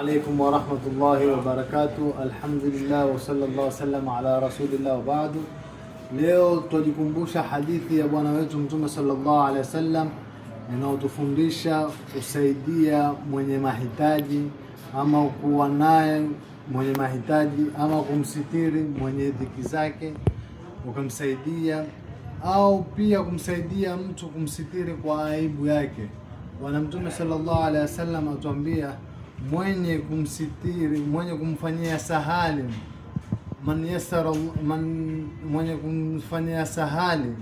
alaikum warahmatullahi wabarakatu. Alhamdulillah wasallallahu wasallam ala rasulillah wabadu. Leo twajikumbusha hadithi ya bwana wetu Mtume sallallahu alaihi wasallam inayotufundisha kusaidia mwenye mahitaji ama kuwa naye mwenye mahitaji ama kumsitiri mwenye dhiki zake ukamsaidia, au pia kumsaidia mtu kumsitiri kwa aibu yake. Bwana Mtume sallallahu alaihi wasallam atuambia mwenye kumsitiri, mwenye kumfanyia sahali, man yasara, man mwenye kumfanyia sahali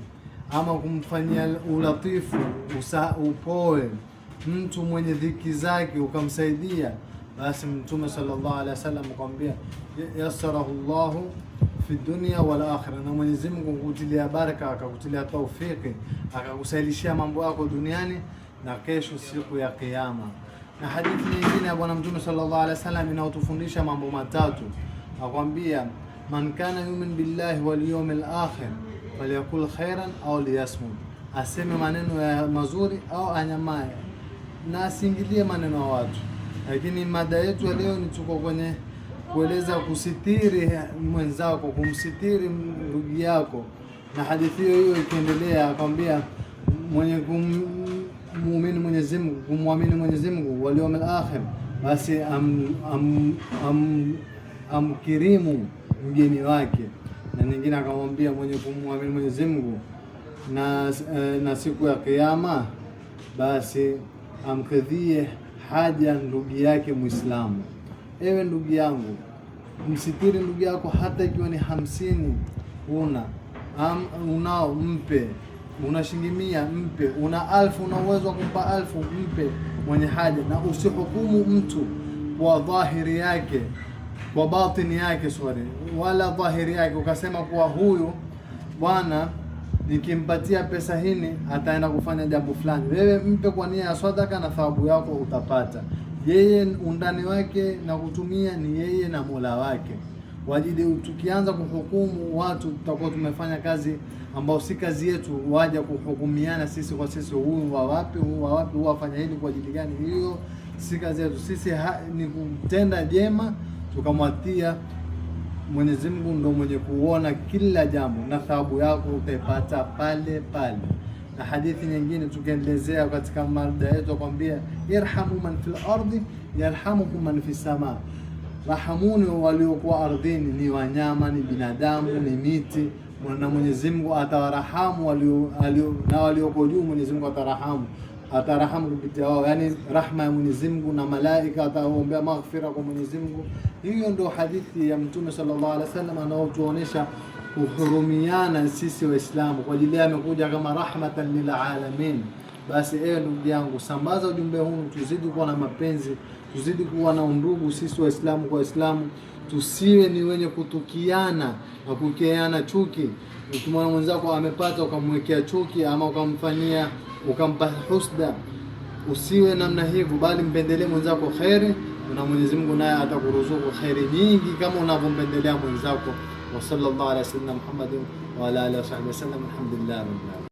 ama kumfanyia ulatifu usa, upoe mtu mwenye dhiki zake ukamsaidia, basi Mtume sallallahu alaihi wasallam akamwambia yasarahu llahu fi dunya wal akhira, na Mwenyezi Mungu kukutilia baraka akakutilia taufiki akakusailishia mambo yako duniani na kesho siku ya Kiyama na hadithi nyingine ya Bwana Mtume sallallahu alaihi wasallam inayotufundisha mambo matatu. Akwambia, man kana yumin billahi wal yawmil akhir falyakul khairan au liyasmut, aseme maneno ya mazuri au anyamaye na asingilie maneno ya watu. Lakini mada yetu ya leo ni tuko kwenye kueleza kusitiri mwenzako, kumsitiri ndugu yako, na hadithi hiyo hiyo ikiendelea akwambia mwenye kum kumuamini Mwenyezi Mungu, kumwamini Mwenyezi Mungu, wal akhir, basi am, am, am, amkirimu mgeni wake. Na nyingine akamwambia mwenye kumwamini Mwenyezi Mungu na, eh, na siku ya Kiyama, basi amkadhie haja ndugu yake Muislamu. Ewe ndugu yangu, msitiri ndugu yako hata ikiwa ni hamsini una am, unao mpe una shilingi mia mpe, una alfu, una uwezo wa kumpa alfu mpe mwenye haja, na usihukumu mtu kwa dhahiri yake, kwa batini yake, sorry, wala dhahiri yake, ukasema kuwa huyu bwana nikimpatia pesa hini ataenda kufanya jambo fulani. Wewe mpe kwa nia ya sadaka na thawabu yako utapata. Yeye undani wake na kutumia ni yeye na Mola wake wajidi. tukianza kuhukumu watu tutakuwa tumefanya kazi ambao si kazi yetu, waja kuhukumiana sisi kwa sisi, huyu wa wapi, huyu wa wapi, huyu afanya hili kwa ajili gani? Hiyo si kazi yetu sisi, ha, ni kutenda jema tukamwatia Mwenyezi Mungu ndo mwenye kuona kila jambo, na thawabu yako utaipata pale pale. Na hadithi nyingine tukiendelezea katika mada yetu akwambia, irhamu man fil ardi yarhamukum man fis samaa rahamuni waliokuwa ardhini, ni wanyama, ni binadamu, ni miti na Mwenyezi Mungu atawarahamu walio, walio, na walioko juu Mwenyezi Mungu atarahamu atarahamu kupitia wao, yani rahma ya Mwenyezi Mungu na malaika ataombea maghfira kwa Mwenyezi Mungu. Hiyo ndio hadithi ya Mtume sallallahu alaihi wasallam anaotuonesha kuhurumiana sisi Waislamu, kwa ajili amekuja kama rahmatan lil alamin. Basi ewe eh, ndugu yangu, sambaza ujumbe huu, tuzidi kuwa na mapenzi tuzidi kuwa na undugu sisi Waislamu kwa Waislamu, tusiwe ni wenye kutukiana na kukeana chuki. Ukimwona mwenzako amepata ukamwekea chuki ama ukamfanyia ukampa husda, usiwe namna hivyo, bali mpendelee mwenzako kheri, na Mwenyezi Mungu naye atakuruzuku kheri nyingi kama unavyompendelea mwenzako. wa sallallahu alaihi wasallam Muhammadin wa ala alihi wasallam, alhamdulillah.